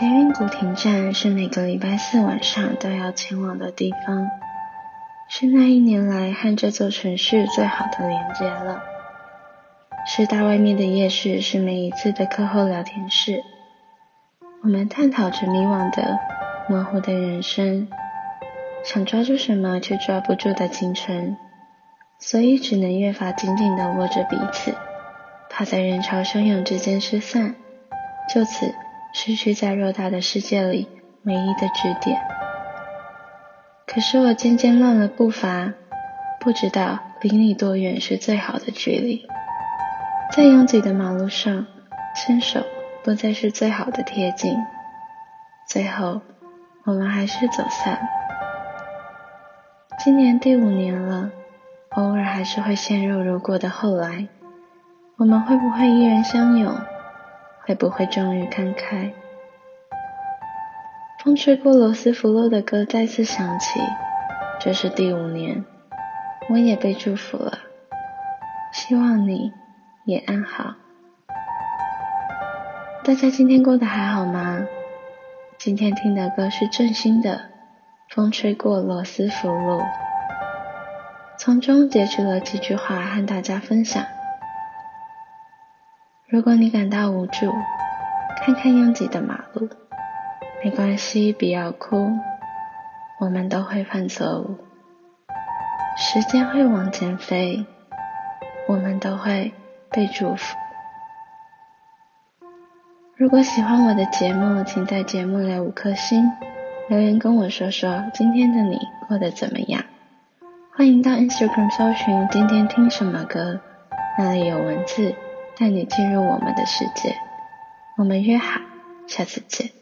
捷運古亭站是每個禮拜四晚上都要前往的地方，是那一年來和這座城市最好的連結了，師大外面的夜市，是每一次的課後聊天室，我們探討着迷惘的、模糊的人生，想抓住什麼卻抓不住的青春，所以只能越發緊緊地握着彼此，怕在人潮洶湧之間失散，就此，失去在偌大的世界裡唯一的支點，可是我漸漸亂了步伐，不知道離你多遠是最好的距離。在擁擠的馬路上，牽手不再是最好的貼近，最後我們還是走散。今年第五年了，偶爾還是會陷入如果的後來，我們會不會依然相擁？會不會終於看開。風吹過羅斯福路的歌再次響起，這是第五年，我也被祝福了，希望你也安好。大家今天過得還好嗎？今天聽的歌是鄭興的，風吹過羅斯福路，從中截取了幾句話和大家分享。如果你感到無助，看看擁擠的馬路。沒關係，不要哭。我們都會犯錯誤。時間會往前飛，我們都會被祝福。如果喜歡我的節目，請在節目裡留五顆星，留言跟我說說今天的你過得怎麼樣。歡迎到 Instagram 搜尋“今天聽什麼歌”，那裡有文字。帶你進入我們的世界，我們約好，下次見。